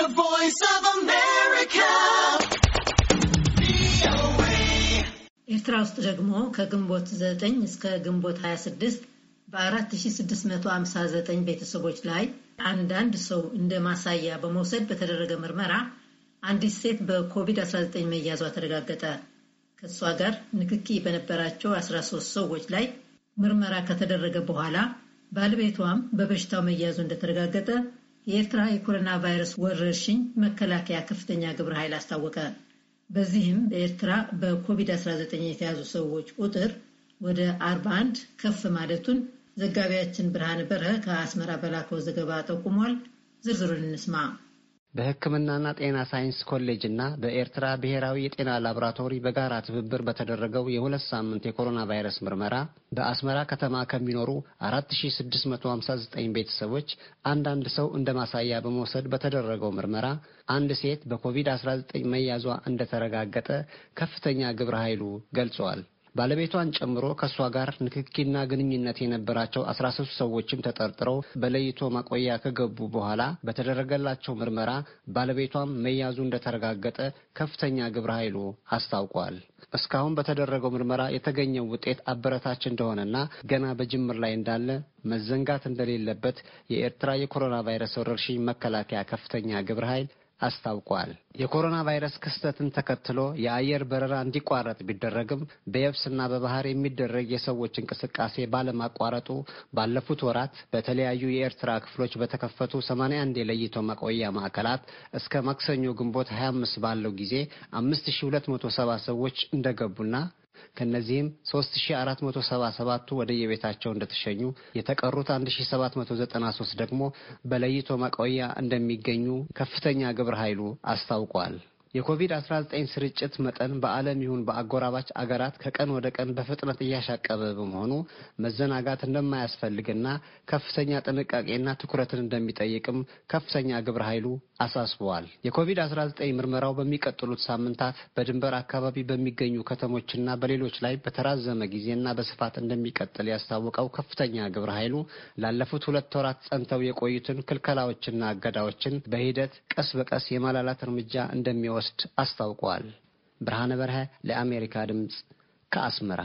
The Voice of America. ኤርትራ ውስጥ ደግሞ ከግንቦት 9 እስከ ግንቦት 26 በ4659 ቤተሰቦች ላይ አንዳንድ ሰው እንደ ማሳያ በመውሰድ በተደረገ ምርመራ አንዲት ሴት በኮቪድ-19 መያዟ ተረጋገጠ። ከእሷ ጋር ንክኪ በነበራቸው 13 ሰዎች ላይ ምርመራ ከተደረገ በኋላ ባለቤቷም በበሽታው መያዙ እንደተረጋገጠ የኤርትራ የኮሮና ቫይረስ ወረርሽኝ መከላከያ ከፍተኛ ግብረ ኃይል አስታወቀ። በዚህም በኤርትራ በኮቪድ-19 የተያዙ ሰዎች ቁጥር ወደ 41 ከፍ ማለቱን ዘጋቢያችን ብርሃን በረሀ ከአስመራ በላከው ዘገባ ጠቁሟል። ዝርዝሩን እንስማ። በሕክምናና ጤና ሳይንስ ኮሌጅ እና በኤርትራ ብሔራዊ የጤና ላቦራቶሪ በጋራ ትብብር በተደረገው የሁለት ሳምንት የኮሮና ቫይረስ ምርመራ በአስመራ ከተማ ከሚኖሩ 4659 ቤተሰቦች አንዳንድ ሰው እንደ ማሳያ በመውሰድ በተደረገው ምርመራ አንድ ሴት በኮቪድ-19 መያዟ እንደተረጋገጠ ከፍተኛ ግብረ ኃይሉ ገልጸዋል። ባለቤቷን ጨምሮ ከእሷ ጋር ንክኪና ግንኙነት የነበራቸው አስራ ሶስት ሰዎችም ተጠርጥረው በለይቶ ማቆያ ከገቡ በኋላ በተደረገላቸው ምርመራ ባለቤቷም መያዙ እንደተረጋገጠ ከፍተኛ ግብረ ኃይሉ አስታውቋል። እስካሁን በተደረገው ምርመራ የተገኘው ውጤት አበረታች እንደሆነና ገና በጅምር ላይ እንዳለ መዘንጋት እንደሌለበት የኤርትራ የኮሮና ቫይረስ ወረርሽኝ መከላከያ ከፍተኛ ግብረ ኃይል አስታውቋል። የኮሮና ቫይረስ ክስተትን ተከትሎ የአየር በረራ እንዲቋረጥ ቢደረግም በየብስና በባህር የሚደረግ የሰዎች እንቅስቃሴ ባለማቋረጡ ባለፉት ወራት በተለያዩ የኤርትራ ክፍሎች በተከፈቱ 81 የለይቶ መቆያ ማዕከላት እስከ ማክሰኞ ግንቦት 25 ባለው ጊዜ 5270 ሰዎች እንደገቡና ከነዚህም 3477ቱ ወደ የቤታቸው እንደተሸኙ የተቀሩት 1793 ደግሞ በለይቶ መቆያ እንደሚገኙ ከፍተኛ ግብረ ኃይሉ አስታውቋል። cual. የኮቪድ-19 ስርጭት መጠን በዓለም ይሁን በአጎራባች አገራት ከቀን ወደ ቀን በፍጥነት እያሻቀበ በመሆኑ መዘናጋት እንደማያስፈልግና ከፍተኛ ጥንቃቄና ትኩረትን እንደሚጠይቅም ከፍተኛ ግብረ ኃይሉ አሳስበዋል። የኮቪድ-19 ምርመራው በሚቀጥሉት ሳምንታት በድንበር አካባቢ በሚገኙ ከተሞችና በሌሎች ላይ በተራዘመ ጊዜና በስፋት እንደሚቀጥል ያስታወቀው ከፍተኛ ግብረ ኃይሉ ላለፉት ሁለት ወራት ጸንተው የቆዩትን ክልከላዎችና እገዳዎችን በሂደት ቀስ በቀስ የማላላት እርምጃ እንደሚወ እንደሚወስድ አስታውቋል። ብርሃነ በርሀ ለአሜሪካ ድምፅ ከአስመራ